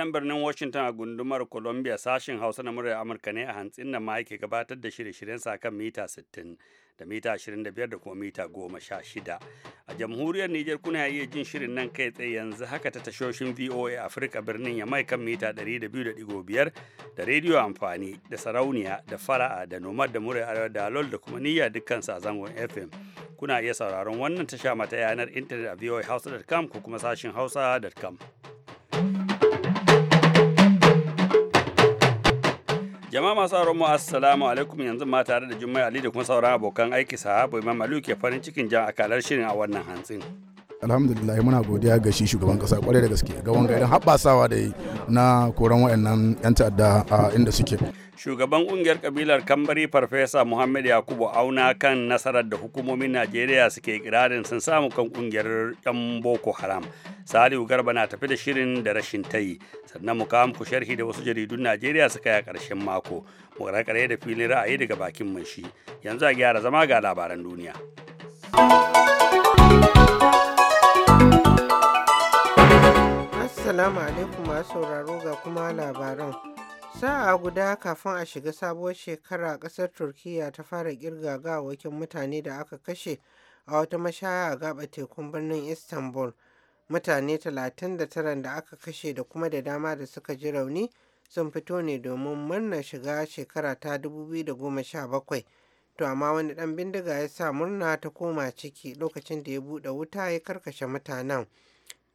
nan birnin Washington a gundumar Columbia sashin Hausa na muryar Amurka ne a hantsin nan ma yake gabatar da shirye-shiryen sa kan mita 60 da mita 25 da kuma mita 16. A jamhuriyar Nijar kuna iya jin shirin nan kai tsaye yanzu haka ta tashoshin VOA afirka birnin ya Yamai kan mita 200.5 da rediyo amfani da sarauniya da fara'a da nomad da muryar arewa da alol da kuma niyya dukkan sa zangon FM. Kuna iya sauraron wannan tasha mata yanar intanet a voahausa.com ko kuma sashin hausa.com. Jama'a masu auren mu assalamu alaikum yanzu ma tare da Jummai Ali da kuma sauran abokan aiki sahabo Imam Aliyu ke farin cikin jan akalar shirin a wannan hantsin. alhamdulillah muna godiya ga shi shugaban kasa kwarai da gaske ga wanga idan habbasawa da na koran wayannan yan ta'adda a inda suke shugaban kungiyar kabilar kambari farfesa muhammad yakubu auna kan nasarar da hukumomin najeriya suke kirarin sun samu kan kungiyar yan boko haram salihu garba na tafi da shirin da rashin tayi sannan mu kawo muku sharhi da wasu jaridun najeriya suka yi a ƙarshen mako mu da filin ra'ayi daga bakin mun shi yanzu a gyara zama ga labaran duniya thank you Assalamu alaikum masu sauraro ga kuma labaran. Sa'a guda kafin a shiga sabuwar shekara ƙasar Turkiyya ta fara kirga gawakin mutane da aka kashe a wata mashaya a gaba tekun birnin Istanbul. Mutane 39 da aka kashe da kuma da dama da suka ji rauni sun fito ne domin murna shiga shekara ta 2017. To amma wani ɗan bindiga ya sa murna ta koma ciki lokacin da ya buɗe wuta ya karkashe mutanen.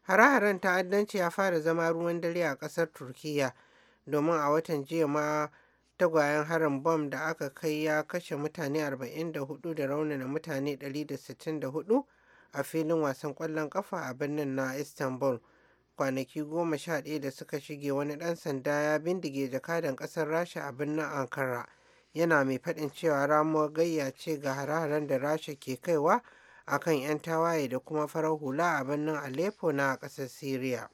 Hare-haren ta'addanci ya fara zama ruwan dare a ƙasar Turkiyya domin a watan jiya ma tagwayen harin bom da aka kai ya kashe mutane 44 da raunana mutane 164 a filin wasan ƙwallon kafa a birnin na Istanbul. Kwanaki goma sha ɗaya da suka shige wani ɗan sanda ya bindige jakadan ƙasar Rasha a birnin Ankara. Yana mai faɗin cewa ramuwar gayya ce ga hare-haren da Rasha ke kaiwa akan 'yan tawaye da kuma farar hula a birnin aleppo na ƙasar syria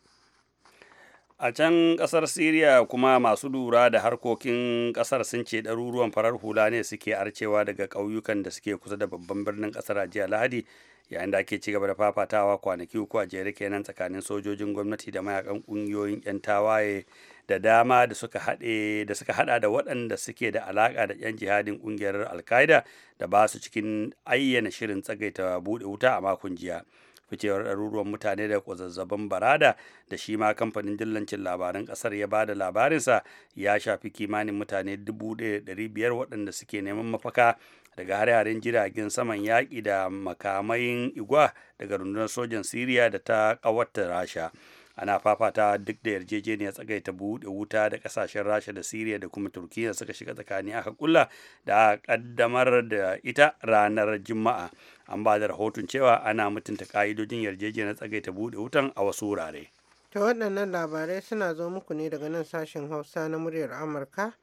a can ƙasar syria kuma masu lura da harkokin ƙasar sun ce ɗaruruwan farar hula ne suke arcewa daga ƙauyukan da suke kusa da babban birnin ƙasar a jiya lahadi yayin da ake cigaba da fafatawa kwanaki uku a jere kenan tsakanin sojojin gwamnati da mayakan ƙungiyoyin 'yan tawaye da dama da suka haɗe da suka hada da waɗanda suke da alaƙa da 'yan jihadin ƙungiyar al qaeda da ba su cikin ayyana shirin tsagaita bude wuta a makon jiya ficewar ɗaruruwan mutane da kwazazzabin barada da shi ma kamfanin dillancin labaran ƙasar ya bada labarinsa ya shafi kimanin mutane 1,500 waɗanda suke neman mafaka daga hare-haren jiragen saman yaƙi da makamayin igwa daga rundunar sojan siriya da ta ƙawatta rasha ana fafata duk da yarjejeniyar tsagaita buɗe wuta da ƙasashen rasha da siriya da kuma turkiyya suka shiga tsakani aka kulla da ƙaddamar da ita ranar juma'a an ba da rahoton cewa ana mutunta ƙa'idojin yarjejeniyar tsagaita buɗe wutan a wasu wurare ta waɗannan labarai suna zo muku ne daga nan sashen hausa na muryar amurka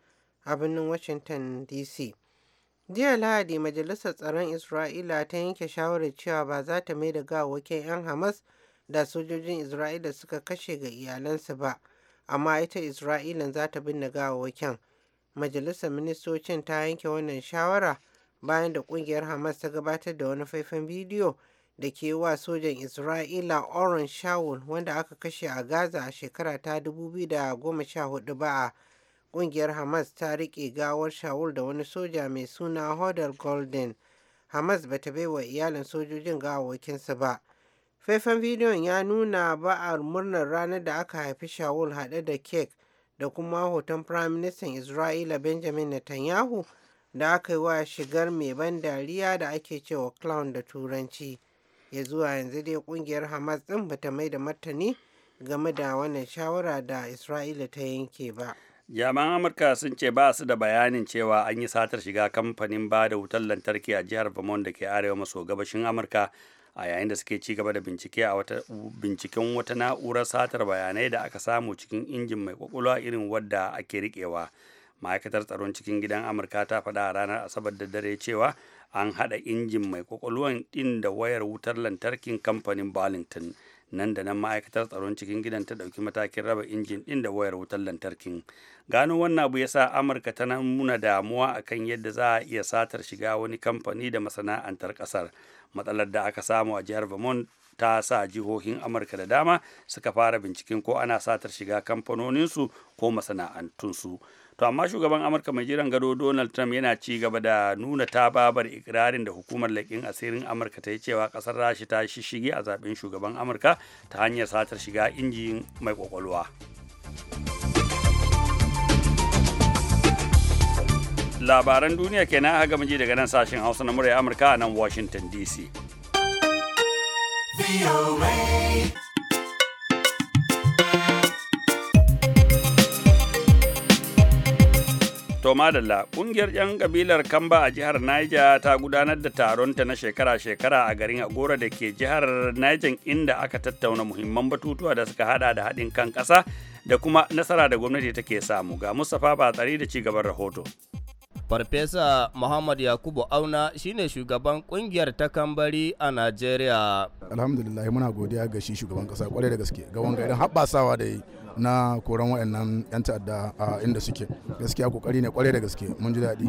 a birnin washington dc jiya lahadi majalisar tsaron isra'ila ta yanke shawarar cewa ba za ta mai da gawakin 'yan hamas da sojojin isra'ila suka kashe ga iyalansa ba amma ita isra'ilan za ta binne gawawwakin majalisar ministocin ta yanke wannan shawara bayan da kungiyar hamas ta gabatar da wani faifan bidiyo da ke wa sojan isra'ila oron shawul wanda aka kashe a gaza a shekara ta 2014 ba a kungiyar hamas ta rike gawar shawul da wani soja mai suna hodar golden hamas ba ta wa iyalin sojojin gawawakinsa ba Faifan bidiyon ya nuna ba'ar murnar ranar da aka haifi shawul haɗe da kek da kuma hoton Firaministan Isra'ila Benjamin Netanyahu da aka yi wa shigar mai ban dariya da ake cewa clown da Turanci. Ya zuwa yanzu dai kungiyar Hamas ɗin bata mai da martani game da wannan shawara da Isra'ila ta yanke ba. jami'an amurka sun ce ba su da bayanin cewa an yi satar shiga kamfanin ba da wutar lantarki a jihar vermont da ke arewa maso gabashin amurka a yayin da suke ci gaba da bincike a wata binciken wata na'urar satar bayanai da aka samu cikin injin mai kwakwalwa irin wadda ake riƙewa ma'aikatar tsaron cikin gidan amurka ta faɗa a ranar asabar da dare cewa an haɗa injin mai kwakwalwan ɗin da wayar wutar lantarkin kamfanin burlington nan da nan ma'aikatar tsaron cikin gidan ta ɗauki matakin raba injin ɗin da wayar wutar lantarkin gano wannan abu sa amurka ta nuna damuwa akan yadda za a iya satar shiga wani kamfani da masana'antar ƙasar matsalar da aka samu a jihar vermont ta sa jihohin amurka da dama suka fara binciken ko ana satar shiga kamfanoninsu ko masana'antunsu to amma shugaban amurka mai jiran gado donald trump yana ci gaba da nuna tababar ikirarin da hukumar laƙin asirin amurka ta yi cewa ƙasar rashi ta shishige a zaɓen shugaban amurka ta hanyar satar shiga injin mai ƙwaƙwalwa labaran duniya kenan aka ji daga nan sashen hausa na murya amurka a nan washington dc To madalla, kungiyar 'yan kabilar Kamba a jihar Niger ta gudanar da taronta na shekara-shekara a garin Agora da ke jihar Niger inda aka tattauna muhimman batutuwa da suka hada da haɗin kan kasa da kuma nasara da gwamnati take samu. Ga Mustapha Batsari da ci gaban rahoto. Farfesa Muhammad Yakubu Auna shine shugaban kungiyar ta kambari a nigeria. Alhamdulillah muna godiya ga shi shugaban kasa kwarai da gaske ga wanga idan habbasawa da na koran waɗannan 'yan ta'adda a inda suke gaskiya kokari ne kwarai da gaske mun ji daɗi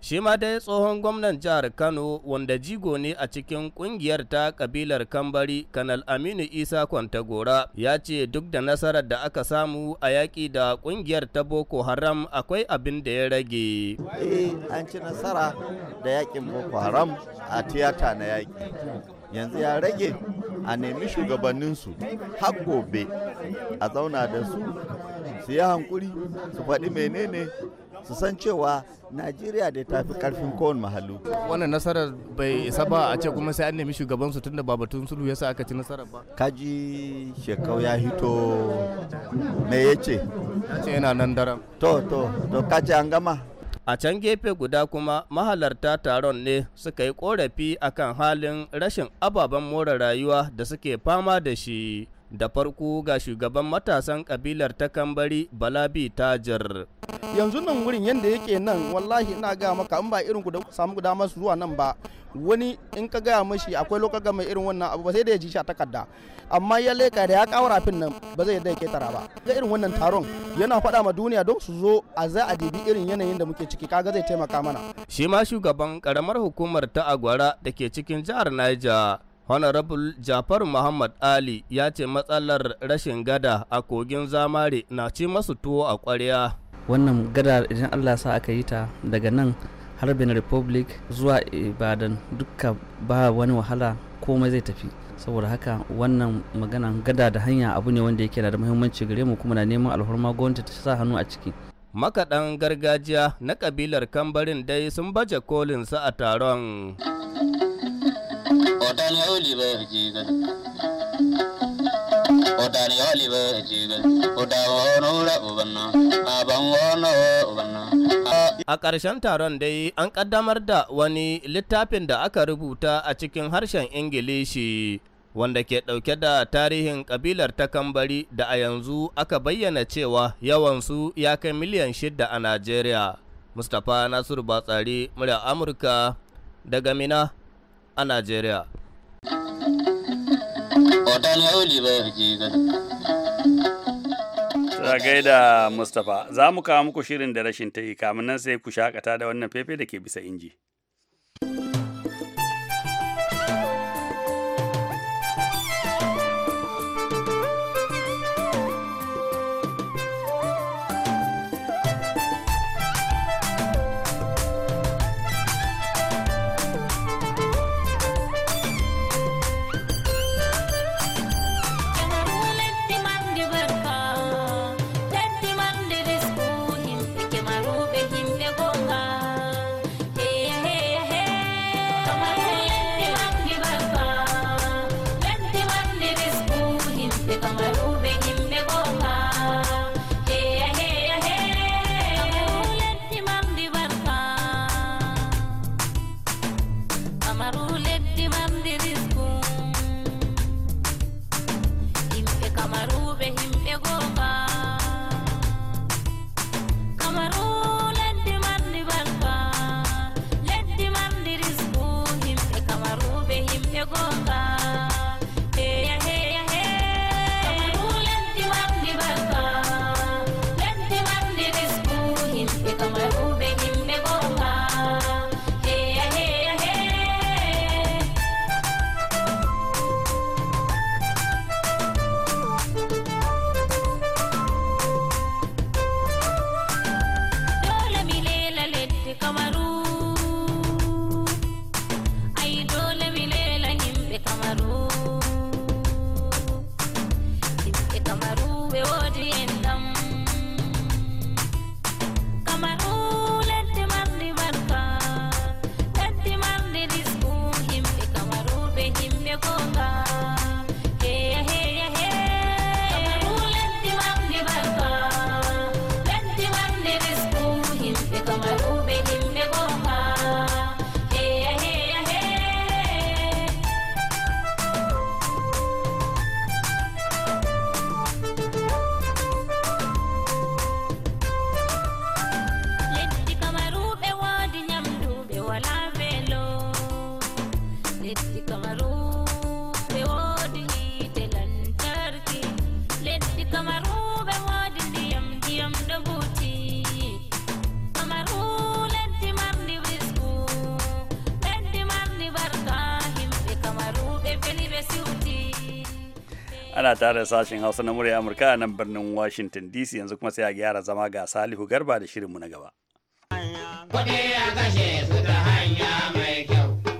shi ma dai tsohon gwamnan jihar kano wanda jigo ne a cikin kungiyar ta kabilar kambari kanal aminu isa kwantagora ya ce duk da nasarar da aka samu a yaƙi da kungiyar ta boko haram akwai abin da ya rage eh, an ci nasara da yaƙin boko haram a tiyata na yaƙi yanzu ya rage a nemi shugabanninsu har gobe a zauna da su su yi hankuri su faɗi menene su san cewa najeriya da ta fi karfin kowane mahallu wannan nasarar bai isa ba a ce kuma sai an nemi shugabansu tunda ba batun sulhu sa aka ci nasarar ba kaji shekau ya hito me ya ce ya ce yana nan daren to to to kaji an gama A can gefe guda kuma mahalarta taron ne suka yi korafi akan halin rashin ababen more rayuwa da suke fama da shi. Da farko ga shugaban matasan kabilar ta kambari Balabi Tajir. Yanzu nan wurin yadda yake nan wallahi ina ga maka in ba irin ku da samu damar zuwa nan ba wani in ka gaya mashi akwai lokaci mai irin wannan abu ba sai da ya ji shi a takarda amma ya leka da ya kawo rafin nan ba zai yadda ya ketara ba ga irin wannan taron yana faɗa ma duniya don su zo a za a dibi irin yanayin da muke ciki kaga zai taimaka mana shi ma shugaban karamar hukumar ta agwara da ke cikin jihar Niger honorable jafar muhammad ali ya ce matsalar rashin gada a kogin zamare na ci masu tuwo a kwarya wannan gada idan allah sa aka yi ta daga nan harbin republic zuwa ibadan duka ba wani wahala komai zai tafi saboda haka wannan magana gada da hanya abu ne wanda yake da muhimmanci gare mu kuma na neman alhorma gwamnati ta sa hannu a ciki makaɗan gargajiya na kabilar kambarin dai sun baje kolin su a taron olive ubanna a ƙarshen taron dai an ƙaddamar da wani littafin da aka rubuta a cikin harshen ingilishi wanda ke ɗauke da tarihin ƙabilar takambari da a yanzu aka bayyana cewa yawansu ya kai miliyan shida a najeriya mustapha nasiru batsari murya amurka daga mina a najeriya Hoton Mauli bai fice gaida Mustapha, za mu kawo muku shirin da rashin ta yi kamun nan sai ku shakata da wannan fefe da ke bisa inji. ana tare sashen hausa na murya amurka a nan birnin washington dc yanzu kuma sai a gyara zama ga salihu garba da shirinmu na gaba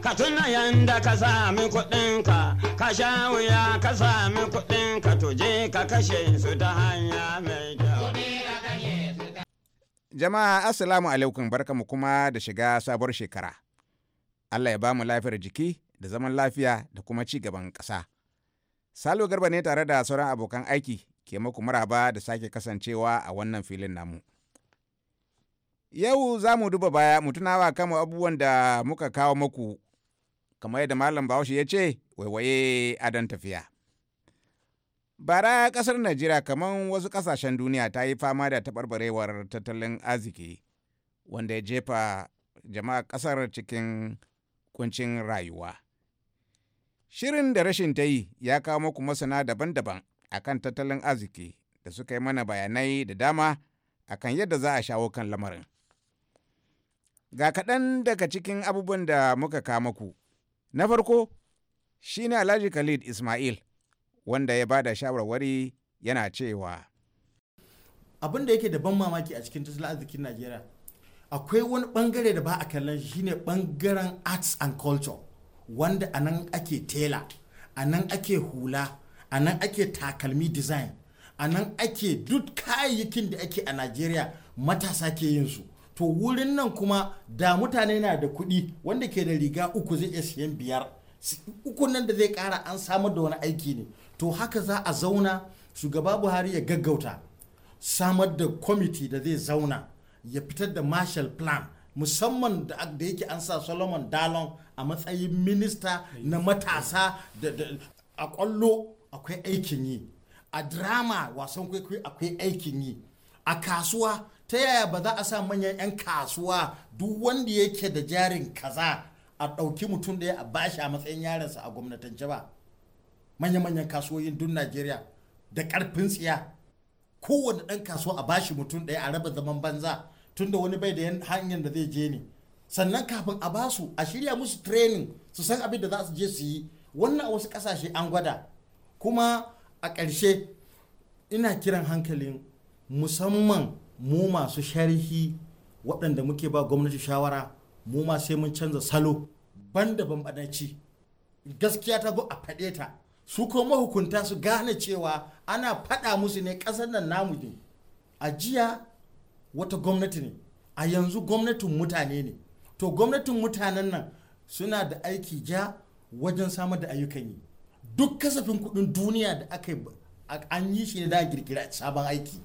ka tuna yanda ka sami kuɗinka ka sha wuya ka sami kuɗinka ka kashe su ta hanya mai kyau jama'a assalamu alaikum barkamu kuma da shiga sabuwar shekara allah ya ba mu lafiyar jiki da zaman lafiya da kuma ci gaban ƙasa. Salo Garba ne tare da sauran abokan aiki ke muku maraba da sake kasancewa a wannan filin namu. Yau za mu duba baya mu tunawa kama abubuwan da muka kawo muku kamar yadda Malam Bahaushe ya ce waiwaye adon tafiya. Bara kasar Najeriya kamar wasu kasashen duniya ta yi fama da taɓarɓarewar tattalin arziki wanda ya jefa jama'a ƙasar cikin kuncin rayuwa. Shirin da rashin ta yi ya kawo muku masana daban-daban a kan tattalin arziki da suka yi mana bayanai da dama a kan yadda za a shawo kan lamarin. Ga kaɗan daga cikin abubuwan da muka kawo muku. Na farko shi ne Alhaji Khalid Ismail wanda ya bada shawarwari yana cewa. Abin da yake da ban mamaki a cikin tattalin arzikin Najeriya akwai wani bangare da ba a kallon shi ne bangaren arts and culture. wanda a nan ake tela a nan ake hula a nan ake takalmi design a nan ake duk kayayyakin da ake a najeriya matasa ke yin su to wurin nan kuma da mutane na da kuɗi wanda ke da riga uku zai iya siyan biyar uku nan da zai kara an samar da wani aiki ne to haka za a zauna shugaba buhari ya gaggauta samar da kwamiti da zai zauna ya fitar da marshal plan musamman da yake an sa solomon dalon a matsayin minista na matasa a kwallo akwai aikin yi a drama wasan kwaikwayo akwai aikin yi a kasuwa ta yaya ba za a sa manyan 'yan kasuwa duk wanda yake da jarin kaza a ɗauki mutum ɗaya a bashi a matsayin yarinsa a gwamnatance ba manya-manyan kasuwoyin duk najeriya da ƙarfin tsiya kowane ɗan kasuwa a bashi mutum ɗaya a raba zaman banza tunda wani bai da hanyar da zai je ne sannan kafin a ba su a shirya musu training su san abin da za su je su yi wannan a wasu kasashe an gwada kuma a ƙarshe ina kiran hankalin musamman mu masu sharhi waɗanda muke ba gwamnati shawara mu ma sai mun canza salo Ban da bambanci gaskiya ta zo a faɗe ta su ko mahukunta su gane cewa ana faɗa musu ne ƙasar nan namu ne a jiya wata gwamnati ne a yanzu gwamnatin mutane ne to gwamnatin mutanen nan suna da aiki ja wajen samar da ayyukan yi duk kasafin kudin duniya da aka an yi shi ne da girgira sabon aiki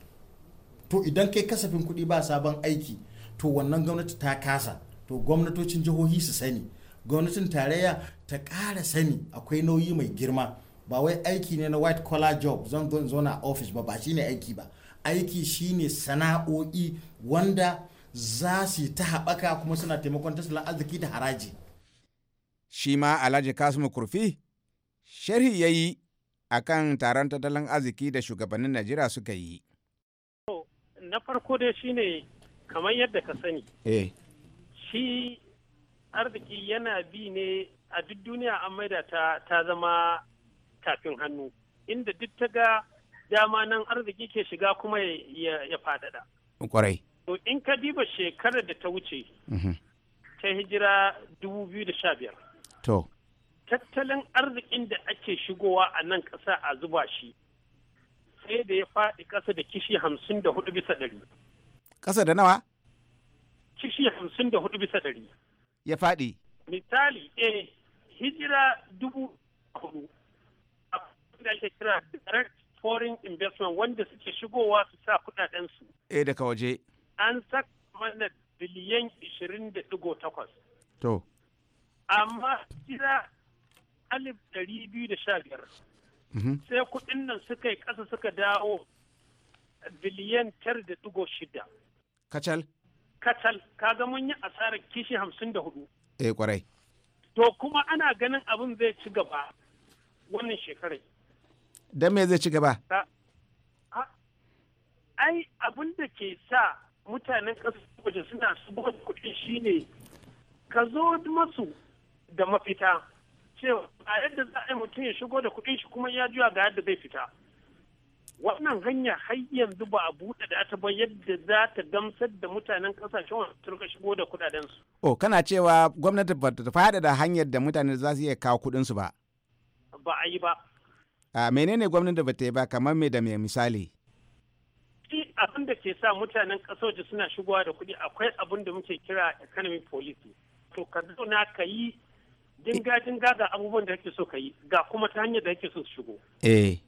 to idan kai kasafin kudi ba sabon aiki to wannan gwamnati ta kasa to gwamnatocin jihohi su sani gwamnatin tarayya ta ƙara sani akwai nauyi mai girma ba wai aiki ne na white collar job zan zo na office ba ba ne aiki ba aiki shine sana'o'i wanda za su ta haɓaka kuma suna taimakon tattalin arziki da haraji. Shi ma Alhaji Kasimu Kurfi, sharhi ya yi a kan taron tattalin arziki da shugabannin Najeriya suka yi. Na farko dai shi ne kamar yadda ka sani. Eh. Shi arziki yana bi ne a duk duniya an maida ta, ta zama tafin hannu, inda duk ta ga dama nan arziki ke shiga kuma ya faɗaɗa. Kwarai. To in ka diba shekarar da ta wuce mhm. ta hijira 2015. To. Tattalin arzikin da ake shigowa a nan ƙasa a zuba shi sai da ya faɗi ƙasa da kishi hamsin da hudu bisa ɗari. Ƙasa da nawa? Kishi hamsin da hudu bisa ɗari. Ya faɗi. Misali, eh, hijira dubu hudu. Abin da ake kira direct foreign investment wanda suke shigowa su sa kudadensu. Eh daga waje. An saka mana biliyan 20.8. To. Amma kira alif 215. Mhm. Sai kudin nan suka yi ƙasa suka dawo biliyan 9.6. Kacal. Kacal, kaga mun yi asarar kishi 54. Eh kwarai. To kuma ana ganin abin zai ci gaba wannan shekarar. don me zai ci gaba ai abin da ke sa mutanen ƙasar waje suna subuwar kuɗi shine ka zo masu da mafita cewa a yadda za a yi mutum ya shigo da kuɗin shi kuma ya juya ga yadda zai fita wannan hanya har yanzu ba a buɗe da ta ba yadda za ta gamsar da mutanen ƙasashen wasu turka shigo da kuɗaɗensu. o kana cewa gwamnati ba ta faɗaɗa hanyar da mutane za su iya kawo kuɗinsu ba. ba a yi ba. a menene gwamnati ba ta yi ba kamar me da me misali abin da ke sa mutanen kasoji suna shigowa da kuɗi akwai abin da muke kira economy policy to ka zauna ka yi dinga-dinga ga abubuwan da kake so ka yi ga kuma ta hanyar da kake so su shigo eh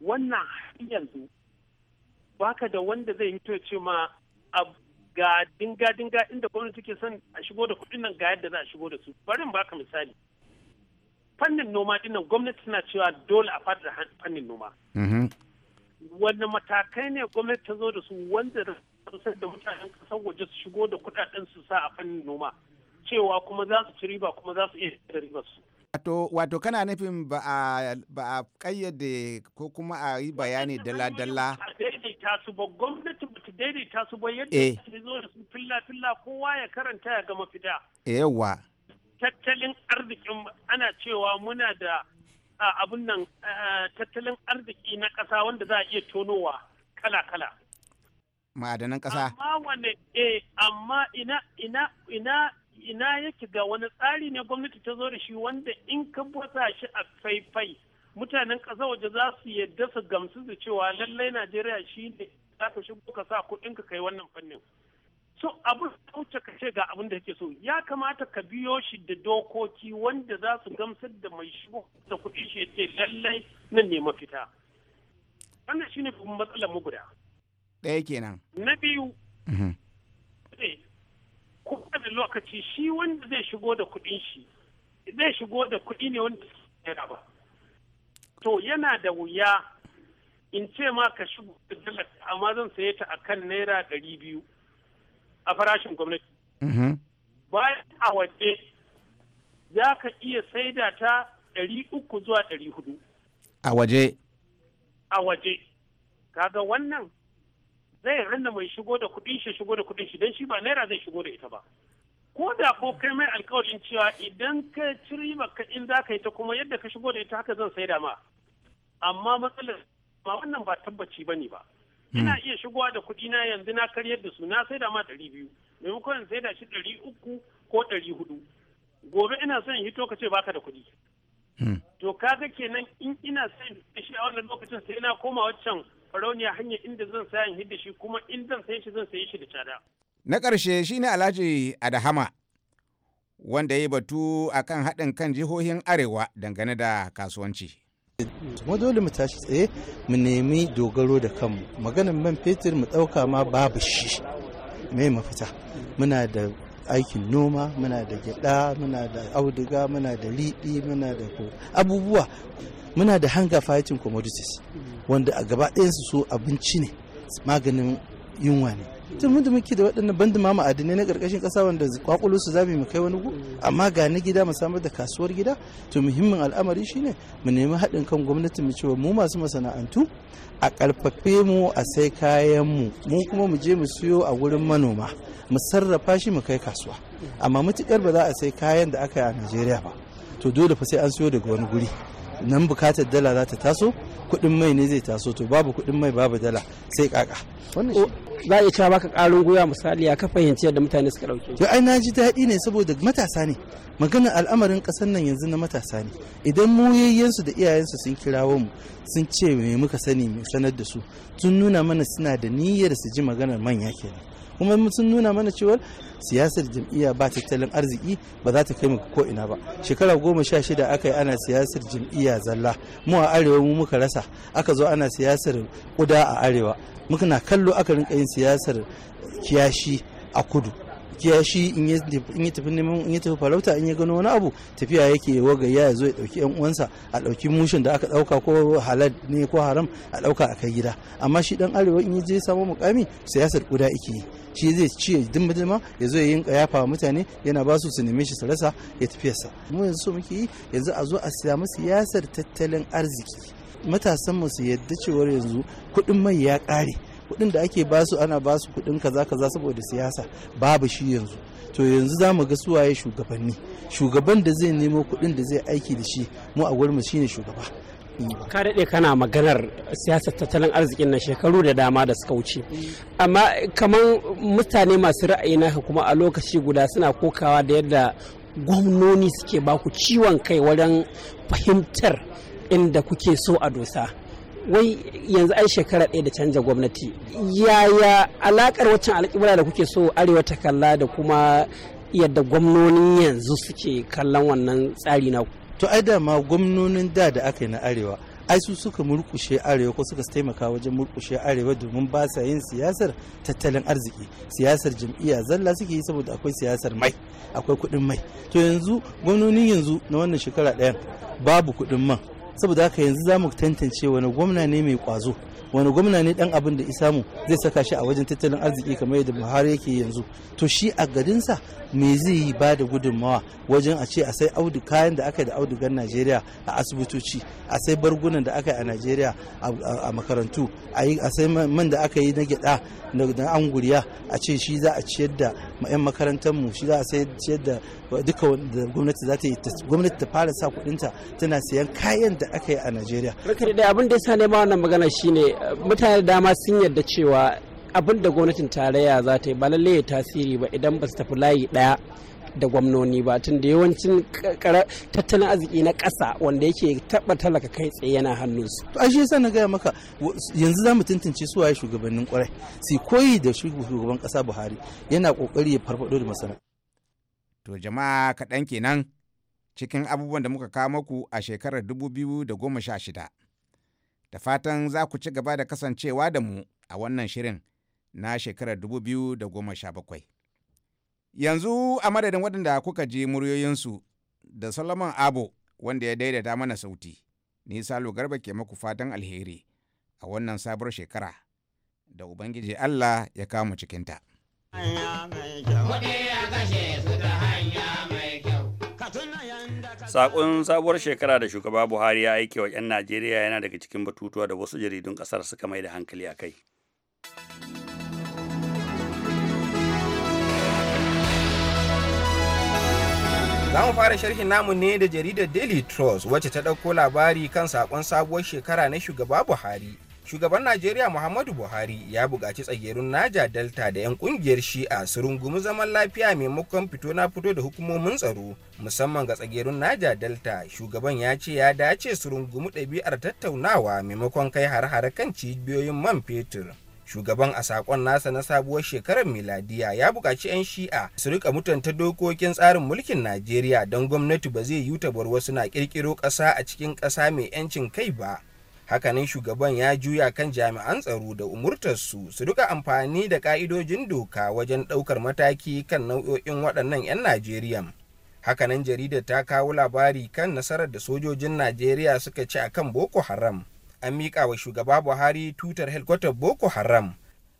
wannan yanzu baka da wanda zai yi to ce ma ga dinga-dinga inda gwamnati ke son a shigo da kuɗin nan ga yadda za a shigo da su barin baka misali fannin noma nan gwamnati suna cewa dole a fadar fannin noma mm-hmm. wanda matakai ne gwamnati ta zo da su wanda da da mutanen kasar waje su shigo da kudaden su sa a fannin noma cewa kuma za su ci riba kuma za su iya riba su Wato, wato kana nufin ba a, kayyade ko kuma a yi bayani dala-dala. daidaita su ba gwamnati ba ta daidaita su ba yadda ta eh. zo da su filla-filla kowa ya karanta ya gama mafita. Yawwa. tattalin arzikin ana cewa muna da abin nan tattalin arziki na ƙasa wanda za a iya tonowa kala-kala. Ma'adanan ƙasa. Amma wane eh amma ina ina ina ina yake ga wani tsari ne gwamnati ta zo da shi wanda in ka bata shi a faifai mutanen ƙasa waje za su yadda su gamsu da cewa lallai Najeriya shi ne za ka shigo ka sa kuɗin ka kai wannan fannin. so abin wuce ka ce ga abin da kake so ya kamata ka biyo shi da dokoki wanda za su gamsar da mai shigo da kuɗi shi ya ce lallai nan ne mafita wannan shine matsalar mu guda ɗaya kenan na biyu mhm. eh, kuma da lokaci shi wanda zai shigo da kuɗin shi zai shigo da kuɗi ne wanda yana ba to yana da wuya in ce ma ka shigo da dalar amma zan saye ta akan naira ɗari biyu a farashin gwamnati. Mm-hmm. Bayan a waje za ka iya saida ta ɗari uku zuwa ɗari hudu. A waje? A waje. Kaga wannan zai rinna mai shigo da kuɗin shi shigo da kuɗin shi don shi ba naira zai shigo da ita ba. Ko da ko kai mai alkawarin cewa idan ka ci riba ka in za ka yi ta kuma yadda ka shigo da ita haka zan saida ma. Amma matsalar ma wannan ba tabbaci ba ne ba. ina hmm. iya shigowa da kuɗi na yanzu na karyar da su na sai da ma ɗari biyu maimakon sai da shi ɗari uku ko ɗari hudu gobe ina son hito ka ce baka da kuɗi hmm. to ga kenan in ina son shi a wannan lokacin sai na koma waccan farauniya hanyar inda zan sayan hidda shi kuma in zan sayi shi zan sayi shi da cada. na ƙarshe shine alhaji adahama wanda ya batu akan haɗin kan jihohin arewa dangane da kasuwanci kuma dole mu tashi tsaye mu nemi dogaro da kanmu maganin man fetur mu ɗauka ma babu shi mai mafita muna da aikin noma muna da gyada muna da auduga muna da liɗi muna da abubuwa muna da hanga fighting commodities wanda a gaba ɗayansu su abinci ne maganin yunwa ne tun mun da muke da waɗannan banda ma ma'adinai na ƙarƙashin ƙasa wanda kwakulo su zamu mu kai wani gu amma ga na gida mu samar da kasuwar gida to muhimmin al'amari shine mu nemi haɗin kan gwamnati mu cewa mu masu masana'antu a ƙarfafe mu a sai kayan mu mu kuma mu je mu siyo a wurin manoma mu sarrafa shi mu kai kasuwa amma matukar ba za a sai kayan da aka yi a Najeriya ba to dole fa sai an siyo daga wani guri nan bukatar dala za ta taso kuɗin mai ne zai taso to babu kuɗin mai babu dala sai kaka za a iya cewa baka ƙarin guya misali ya ka fahimci yadda mutane suka ɗauke. To ai na ji daɗi ne saboda matasa ne maganar al'amarin ƙasar nan yanzu na matasa ne idan mu yayyansu da iyayensu sun kirawo mu sun ce me muka sani mu sanar da su sun nuna mana suna da niyyar su ji maganar manya kenan. kuma sun nuna mana cewar siyasar jam'iyya ba tattalin arziki ba za ta kai mu ko ina ba shekara goma sha shida aka yi ana siyasar jam'iyya zalla mu a arewa mu muka rasa aka zo ana siyasar kuda a arewa muka na kallo aka rinka yin siyasar kiyashi a kudu kiyashi in yi tafi neman in ya tafi farauta in ya gano wani abu tafiya yake wagaya ya zo ya dauki yan uwansa a dauki mushin da aka dauka ko halal ne ko haram a dauka a kai gida amma shi dan arewa in ya je samu mukami siyasar kuda yake yi shi zai ci ya dimma dimma ya zo ya yinka yafa mutane yana ba su su neme shi su rasa ya tafiyarsa mu yanzu so muke yi yanzu a zo a samu siyasar tattalin arziki matasan mu su yadda cewar yanzu kuɗin mai ya ƙare kuɗin da ake basu ana basu kuɗin kaza kaza saboda siyasa babu shi yanzu to yanzu za mu ga suwaye shugabanni shugaban da zai nemo kuɗin da zai aiki da shi mu a gurin shine shugaba mm. ka daɗe kana maganar siyasar tattalin arzikin na shekaru da dama da suka wuce amma kamar mutane masu ra'ayi naka kuma a lokaci guda suna kokawa da yadda gwamnoni suke baku ciwon kai wajen fahimtar inda kuke so a dosa wai yanzu ai shekara ɗaya da canza gwamnati yaya alakar waccan alƙibla da kuke so arewa ta kalla da kuma yadda gwamnonin yanzu suke kallon wannan tsari na to ai da ma gwamnonin da da aka yi na arewa ai su suka murkushe arewa ko suka taimaka wajen murkushe arewa domin ba sa yin siyasar tattalin arziki siyasar jam'iyya zalla suke yi saboda akwai siyasar mai akwai kuɗin mai to yanzu gwamnonin yanzu na wannan shekara ɗaya babu kuɗin man saboda haka yanzu za mu tantance wani gwamna ne mai kwazo wani gwamna ne dan abin da isamu zai saka shi a wajen tattalin arziki kamar yadda buhari yake yanzu to shi a garinsa me zai yi ba da gudunmawa wajen a ce a sai audu kayan da aka yi da audugar najeriya a asibitoci a sai bargunan da aka yi a najeriya a makarantu a sai man da aka yi na gyada da an a ce shi za a ciyar da 'yan makarantar mu shi za a ciyar da duka wanda gwamnati za ta yi gwamnati ta fara sa kudinta tana sayan kayan da aka yi a Najeriya. Rikari da abin da ya sa nema wannan magana shine mutane dama sun yarda cewa abin da gwamnatin tarayya za ta yi ba lallai tasiri ba idan ba su tafi layi ɗaya. da gwamnoni ba tun da yawancin tattalin arziki na ƙasa wanda yake taɓa talaka kai tsaye yana hannunsu. To ashe yasa na gaya maka yanzu za mu tantance su waye shugabannin ƙwarai sai koyi da shugaban ƙasa Buhari yana ƙoƙari ya farfaɗo da masana. To jama'a kaɗan kenan cikin abubuwan da muka kawo muku a shekarar 2016. Da fatan za ku ci gaba da kasancewa da mu a wannan shirin na shekarar sha 2017. yanzu a madadin waɗanda kuka ji muryoyinsu da solomon abu wanda ya daidaita mana sauti ni salo garba ke maku fatan alheri a wannan sabuwar shekara da ubangiji allah ya kama cikinta Sakon sabuwar shekara da shugaba Buhari ya aike wa 'yan Najeriya yana daga cikin batutuwa da wasu jaridun kasar suka mai da hankali a kai. Za mu fara sharhin namu ne da jaridar Daily Trust wacce ta ɗauko labari kan sakon sabuwar shekara na shugaba Buhari. Shugaban Najeriya Muhammadu Buhari ya buƙaci tsagerun Naja Delta da 'yan ƙungiyar Shi'a su rungumi zaman lafiya maimakon fito na fito da hukumomin tsaro musamman ga tsagerun Naja Delta. Shugaban ya ce ya dace su rungumi ɗabi'ar tattaunawa maimakon kai har-hare kan cibiyoyin man fetur. shugaban a sakon nasa na sabuwar shekarar miladiya ya buƙaci 'yan shi'a su rika mutunta dokokin tsarin mulkin najeriya don gwamnati ba zai yi wasu na ƙirƙiro ƙasa a cikin ƙasa mai 'yancin kai ba hakanan shugaban ya juya kan jami'an tsaro da umurtarsu su rika amfani da ƙa'idojin doka wajen ɗaukar mataki kan nau'o'in waɗannan 'yan najeriya hakanan jaridar ta kawo labari kan nasarar da sojojin najeriya suka ci a kan boko haram an miƙa wa shugaba buhari tutar helkwatar boko haram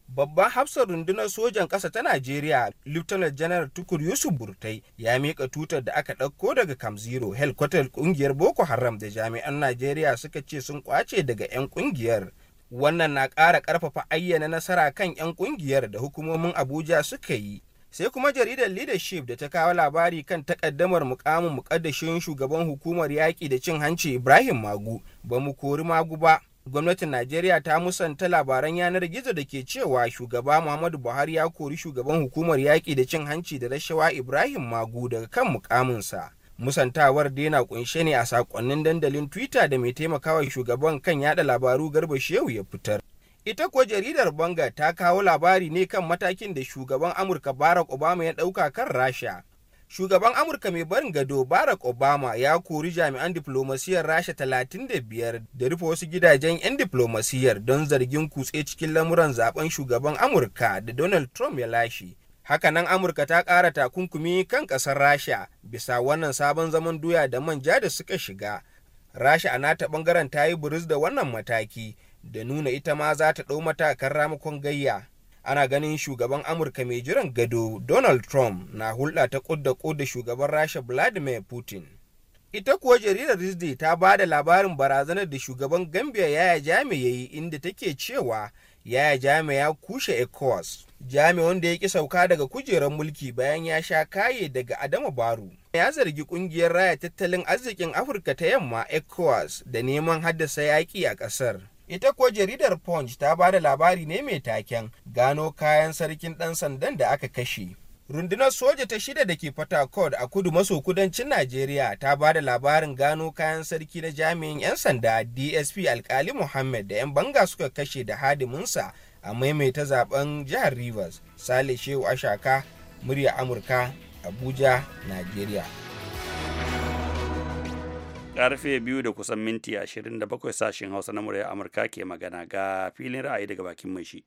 babban hafsar rundunar sojan ƙasa ta najeriya lieutenant general tukur yusuf burtai ya miƙa tutar da aka ɗauko daga kam zero helkwatar ƙungiyar boko haram da jami'an najeriya suka ce sun kwace daga 'yan ƙungiyar wannan na ƙara ƙarfafa ayyana nasara kan 'yan ƙungiyar da hukumomin abuja suka yi sai kuma jaridar leadership da ta kawo labari kan takaddamar mukamin mukaddashin shugaban hukumar yaƙi da cin hanci ibrahim magu ba mu kori magu ba gwamnatin najeriya ta musanta labaran yanar gizo da ke cewa shugaba muhammadu buhari ya kori shugaban hukumar yaƙi da cin hanci da rashawa ibrahim magu daga kan mukaminsa musantawar da yana kunshe ne a sakonnin dandalin twitter da mai taimakawa shugaban kan yada labaru garba shehu ya fitar Ita kuwa jaridar Bangar ta kawo labari ne kan matakin da shugaban Amurka Barack Obama ya ɗauka kan Rasha. Shugaban Amurka mai barin gado Barack Obama ya kori jami'an diplomasiyar Rasha 35 da rufe wasu gidajen 'yan diflomasiyyar don zargin kutse cikin lamuran zaben shugaban Amurka da Donald Trump ya lashe. Hakanan Amurka ta ƙara takunkumi kan ƙasar Rasha bisa wannan sabon zaman doya da manja da suka shiga. Rasha a nata ɓangaren ta yi buris da wannan mataki. da nuna ita ma za ta ɗau matakan ramakon gayya ana ganin shugaban amurka mai jiran gado donald trump na hulɗa ta kudda da shugaban rasha vladimir putin ita kuwa jaridar disney ta ba da labarin barazanar da shugaban gambia yaya jami ya yi inda take cewa yaya jami ya kushe ecowas jami wanda ya ki sauka daga kujerar mulki bayan ya sha kaye daga adama baru ya zargi kungiyar raya tattalin arzikin afirka ta yamma ecowas da neman haddasa yaƙi a ƙasar ita kuwa jaridar punch ta ba da labari ne mai taken gano kayan sarkin ɗan sandan da aka kashe rundunar soja ta shida da ke fatakod a kudu maso kudancin najeriya ta ba da labarin gano kayan sarki na jami'in 'yan sanda dsp alkali muhammad da 'yan banga suka kashe da hadiminsa a maimaita zaben jihar rivers sale shehu ashaka murya amurka abuja najeriya karfe biyu da kusan minti ashirin da bakwai sashen hausa na murya amurka ke magana ga filin ra'ayi daga bakin mai shi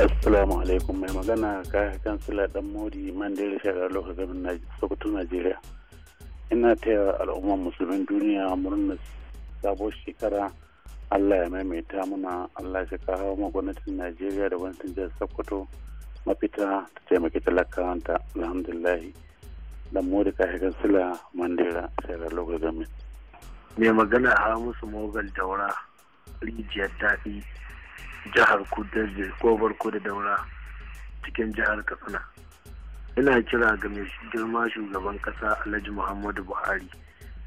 assalamu alaikum mai magana kayan kansila dan modi mandela shagar lokacin sokoto najeriya ina taya al'ummar musulmin duniya murna sabuwar shekara allah ya maimaita muna allah ya kawo gwamnatin najeriya da gwamnatin jihar sokoto mafita ta taimaki talakawanta alhamdulahi dan mori ka shiga sila mandira da local government mai magana a musu mogal daura rijiyar daɗi jihar kudaje ko barko da daura cikin jihar katsina ina kira ga mai girma shugaban kasa alhaji muhammadu buhari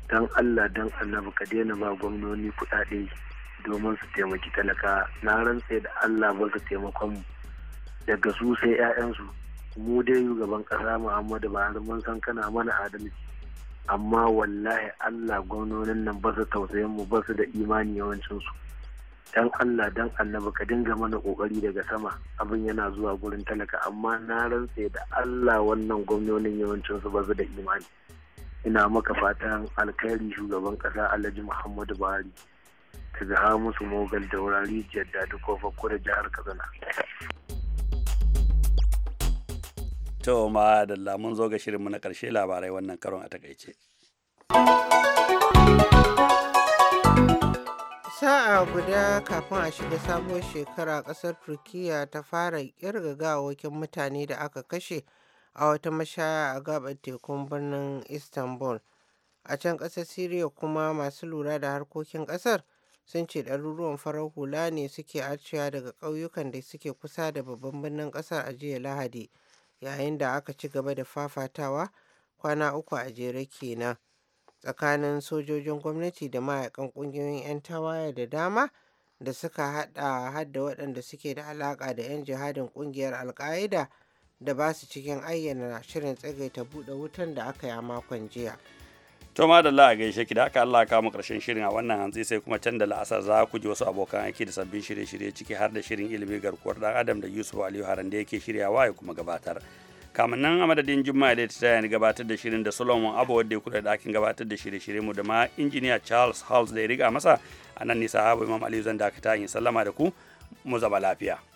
don allah dan annabi ka daina ba gwamnoni kuɗaɗe domin su taimaki talaka na rantse da allah ba su taimakon mu daga su sai 'ya'yansu mu dai shugaban ƙasa muhammadu buhari mun san kana mana adalci amma wallahi allah gwamnonin nan ba su tausayin mu ba su da imani yawancinsu dan allah dan annabi ka dinga mana ƙoƙari daga sama abin yana zuwa gurin talaka amma na rantse da allah wannan gwamnonin yawancinsu ba su da imani ina maka fatan alkhairi shugaban ƙasa alhaji muhammadu buhari ka ga musu mogal da wurare jadda da kofa da jihar katsina to ma da lamun zo ga shirinmu na karshe labarai wannan karon a takaice sa'a guda kafin a shiga sabuwar shekara ƙasar turkiyya ta fara kirga gawakin mutane da aka kashe a wata mashaya a gabar tekun birnin istanbul a can ƙasar syria kuma masu lura da harkokin ƙasar sun ce ɗaruruwan farar hula ne suke arcewa daga ƙauyukan da suke kusa da babban birnin ƙasar a jiya lahadi yayin da aka ci gaba da fafatawa kwana uku a jere kenan tsakanin sojojin gwamnati da mayakan ƙungiyoyin 'yan tawaye da dama da suka hada hadda waɗanda suke da alaƙa da 'yan jihadin ƙungiyar alka'ida da ba su cikin ayyana shirin tsagaita buɗe wutan da aka yi a makon jiya. to ma da Allah gaishe ki da haka Allah kawo karshen shirin a wannan hantsi sai kuma can da la'asar za ku ji wasu abokan aiki da sabbin shirye-shirye ciki har da shirin ilimi garkuwar dan adam da Yusuf Aliyu Haran da yake shiryawa ya kuma gabatar kamar nan a madadin Juma'a da ta yana gabatar da shirin da Solomon Abu wanda ya kula da ɗakin gabatar da shirye-shirye mu da ma injiniya Charles Howells da ya riga masa a nan nisa Habu Imam Aliyu zan dakata in sallama da ku mu zaba lafiya